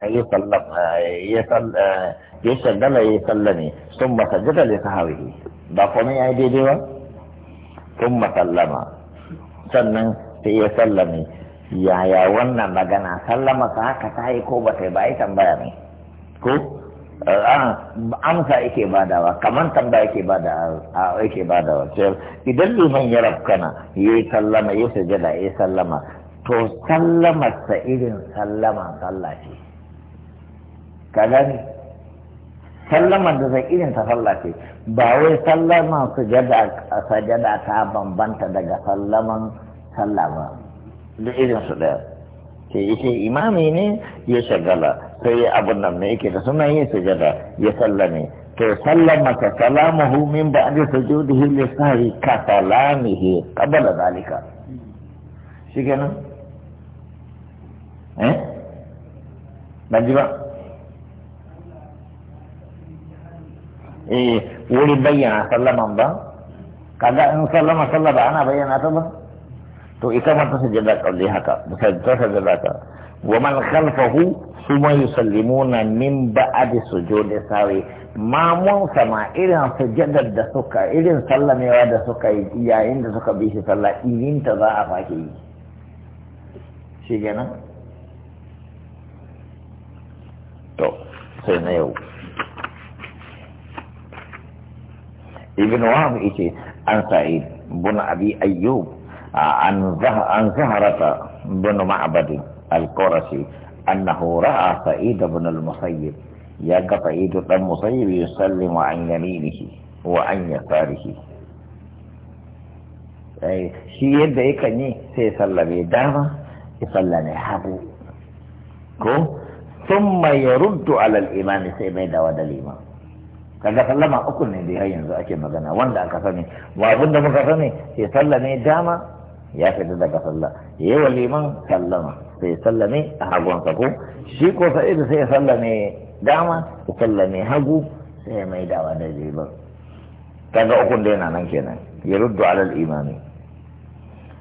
ya sallama ya shagala ya sallame sun masajjada da ba komai ya yi daidai ba sun masallama sannan sai sallame yaya wannan magana sallama ka haka ta yi ko ba ta yi ba ai tambaya ne ko amsa yake badawa kamar tambaya yake badawa badawa idan liman ya rafkana sallama ya ya sallama to sallamarsa irin sallama sallah ka gani sallaman da zai irin ta sallah ce ba wai sallaman sujada sajada ta bambanta daga sallaman sallah ba da irin su daya ce yake imami ne ya shagala sai ya abun nan ne yake da suna yin sujada ya sallame to sallama ka ba min ba'da jodi hili sahi ka he kabbala zalika shi kenan eh ban ji ba eh wuri bayyana sallaman ba kaga in sallama sallah ba ana bayyana ta ba to ita ma ta sajada kalli haka ta sajada ka wa man khalfahu suma yusallimuna min ba'di sujudi sawi mamun sama irin sujadar da suka irin sallamewa da suka yi yayin da suka bi shi sallah irin ta za a fake yi shi kenan to sai na yau ibn wahab yace an sa'id bin abi ayyub an an zaharata bin ma'bad al-qurashi annahu ra'a sa'id bin al-musayyib ya ga sa'id dan musayyib yusallimu an yaminihi wa an yasarihi shi yadda yakan yi sai sallame dama ya sallame hagu ko ثم يرد على الإمام سيميدا ودليما kaga sallama uku ne da yanzu ake magana wanda aka sani ba abinda da muka sani sai sallame dama ya fita daga sallah ya yi wa liman sallama sai sallame a hagunsa ko shi ko sa'idu sai sallame dama ya sallame hagu sai ya mai dawa da liman kaga ukun da yana nan kenan ya ruddu alal imami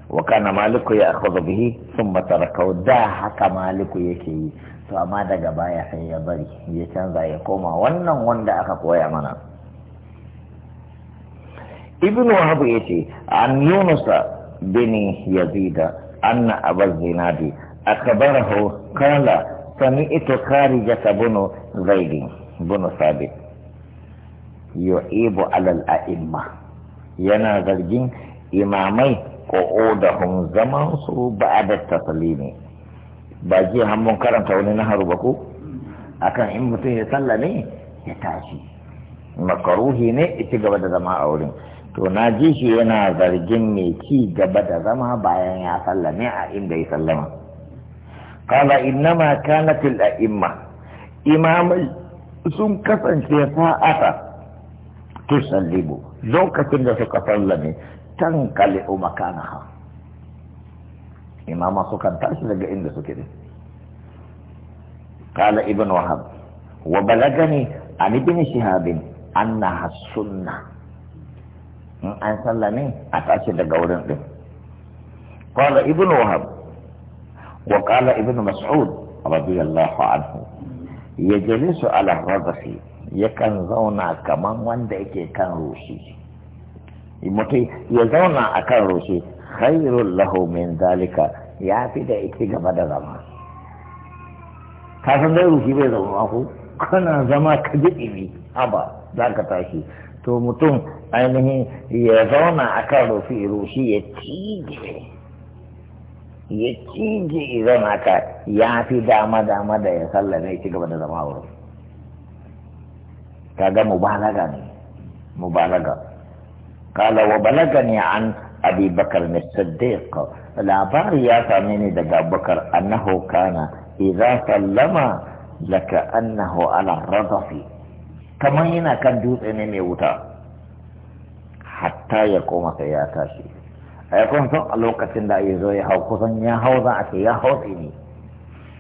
wa kana maliku ya akhadhu bihi thumma tarakahu da haka maliku yake yi to amma daga baya sai ya bari ya canza ya koma wannan wanda aka koya mana ibn wahab yace an yunus bin yazid anna abar zinadi akbarahu qala sami'tu kharija bin zaid bin sabit yu'ibu ala al-a'imma yana zargin imamai ko da zaman su da taslimi ba jiya hannun karanta wani na haru ba ko akan in mutum ya salla ne ya tashi makaruhi ne ya gaba da zama a wurin to na ji shi yana zargin mai ci gaba da zama bayan ya salla ne a inda ya sallama kala kana kanatil a'imma imamai sun kasance sa'ata tusallibu lokacin da suka sallame tankali umakanaha imama kan tashi daga inda suke ne kala ibn wahab wa balagani an ibn shihabin annaha sunna in an sallame a tashi daga wurin din kala ibn wahab wa kala ibn mas'ud radiyallahu anhu yajlisu ala radhi yakan zauna kaman wanda yake kan rushi mutum ya zauna a kan rushe khairul lahu min zalika ya fi da ita gaba da zama ka san dai ruhi bai zama ku kana zama ka ji ni aba za ka tashi to mutum ainihin ya zauna a kan rufi rushi ya cije ya cije idan haka ya fi dama dama da ya sallame ci gaba da zama wurin kaga mubalaga ne mubalaga kala wa balagani an abi bakar mai labari ya same ni daga bakar annahu kana idza sallama laka annahu ala radafi kamar yana kan dutse ne mai wuta hatta ya koma sai ya tashi a ya kuma a lokacin da ya zo ya hau kusan ya hau za a ce ya hau ne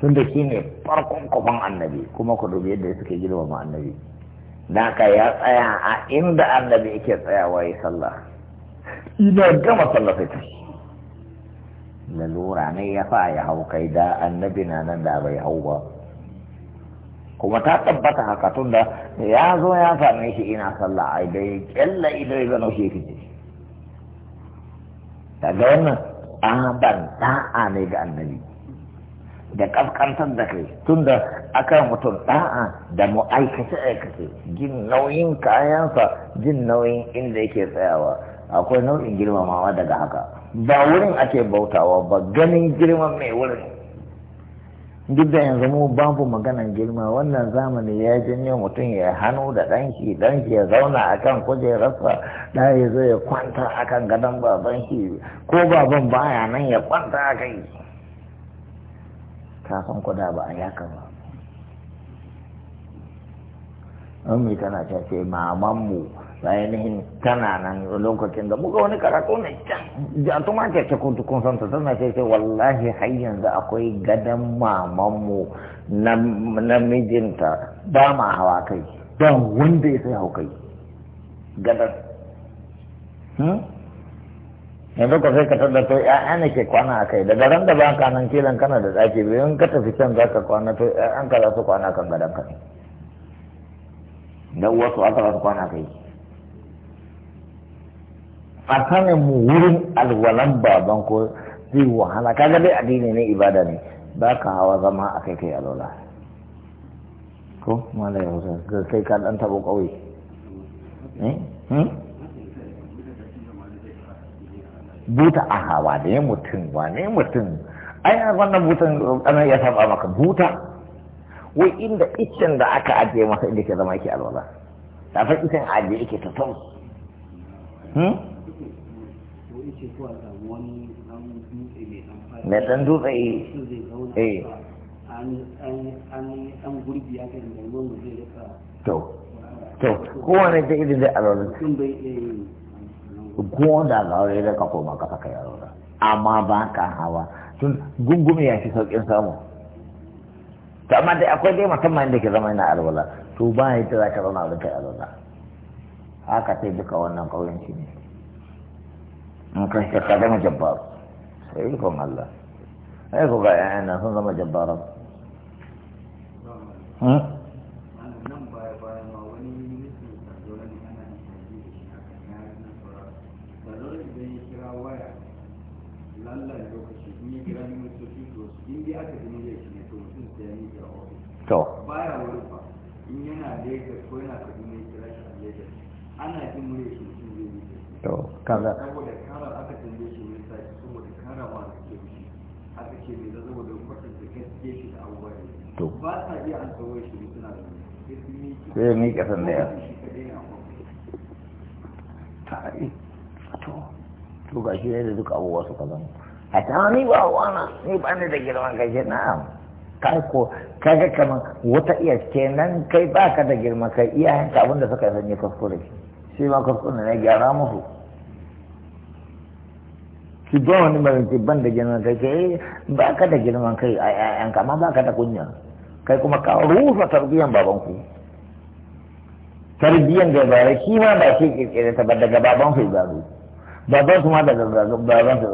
tun da shi ne farkon kuman annabi kuma ku dubi yadda suke girmama annabi Naka ya tsaya a inda annabi yake tsayawa ya sallah ina gama sallah lalura ne ya fa ya hau kai da annabi na nan da bai hau ba kuma ta tabbata haka tunda ya zo ya same shi ina sallah ai dai kyalla ido ya gano shi fice daga wannan tsaban da'a ne ga annabi da kaskantar da kai tunda aka mutum da'a da mu aikace aikace jin nauyin kayansa jin nauyin inda yake tsayawa akwai nau'in girmamawa daga haka ba wurin ake bautawa ba ganin girman mai wurin duk da yanzu mu babu maganan girma wannan zamani ya janyo mutum ya hannu da danki-danki, ya zauna a kan kujerarsa da ya zo ya kwanta kan gadon baban ko baban baya nan ya kwanta a kai kafin kuda ba a yaka ba ummi tana ta ce mamanmu ainihin tana nan lokacin da muka wani karatu ne can da tuma ke ce kun tukun santa tana ce ce wallahi har yanzu akwai gadon mamanmu na mijinta ba ma hawa kai don wanda ya sai hau kai gadon hmm? yanzu ka sai ka tada to ya'ya ne ke kwana a kai daga ran da ba ka nan kilan kana da tsaki biyu in ka tafi can za ka kwana to ya'yan ka za su kwana kan gadon ka ne don wasu an taɓa su kwana kai a sanin mu wurin alwalan baban ko zai wahala kaga dai addini ne ibada ne ba ka hawa zama a kai kai lola. ko malai hausa ga kai ka dan taɓa ƙauye eh? hmm? buta a hawa ne mutum wane mutum ai wannan butan ana iya saba maka buta wai inda iccen da aka ajiye masa inda ke zama yake alwala ta fa iccen ajiye yake ta na dan hmm? dutse eh. eh to to kowane da irin da alwala ko da ga wani da ka koma ka amma ba ka hawa tun gungume ya fi sauƙin samu to amma dai akwai dai musamman da ke zama yana alwala to ba ya ta zaka zama da kai alwala haka sai duka wannan ƙauyenci ne in kan shi ka zama jabbar sai ikon Allah ai ku ga yana sun zama jabbaran hmm? to baya wurin ba in yana ko yana ya kira shi a Lagos ana jin murya shi mutum zai yi to saboda aka tambaye shi ne sai saboda karawa da ke shi aka ce me da saboda ke shi da abubuwa to ba sa iya an tsawo shi suna da sai ni kasan da ya ta'i to to ga shi ne duka abubuwa su kaza a ni ba wana ni ba ni da girman gashi na'am karko kaga kaman wata iya kenan kai baka da girma kai iyayenka abinda suka sanya kuskure shi ma kuskure ne gyara musu ki ba wani marin ban da girman kai ke eh, baka da girman kai a yayanka amma baka da kunya kai kuma ka rufa tarbiyan babanku tarbiyan da bare shi ma ba shi kirkire ta ba daga baban su gado baban su ma daga baban su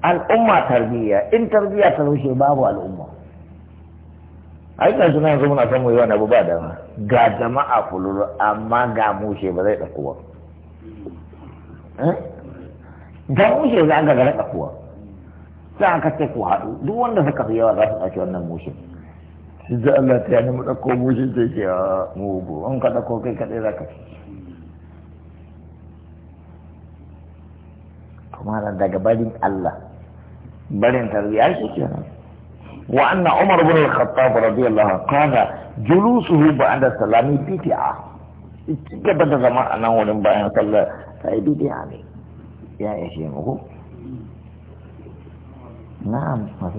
al'umma tarbiyya in tarbiyya ta rushe babu al'umma ai kan suna yanzu muna son mu wani abu ba dama ga jama'a kululu amma ga mushe ba zai ɗauko ba eh? ga mushe za ga gara ɗauko sai aka ce ku haɗu duk wanda suka fi yawa za su ɗauki wannan mushe shi da Allah ta yi mu ɗauko mushe ce ke mugu an ka ɗauko kai kaɗai za ka kuma daga barin Allah barin tarbiyya shi nan وأن عمر بن الخطاب رضي الله عنه قال جلوسه بعد السلام بدعة بدا زمان أنا ولم بأن صلى فهي بدعة يا إخوانه نعم ما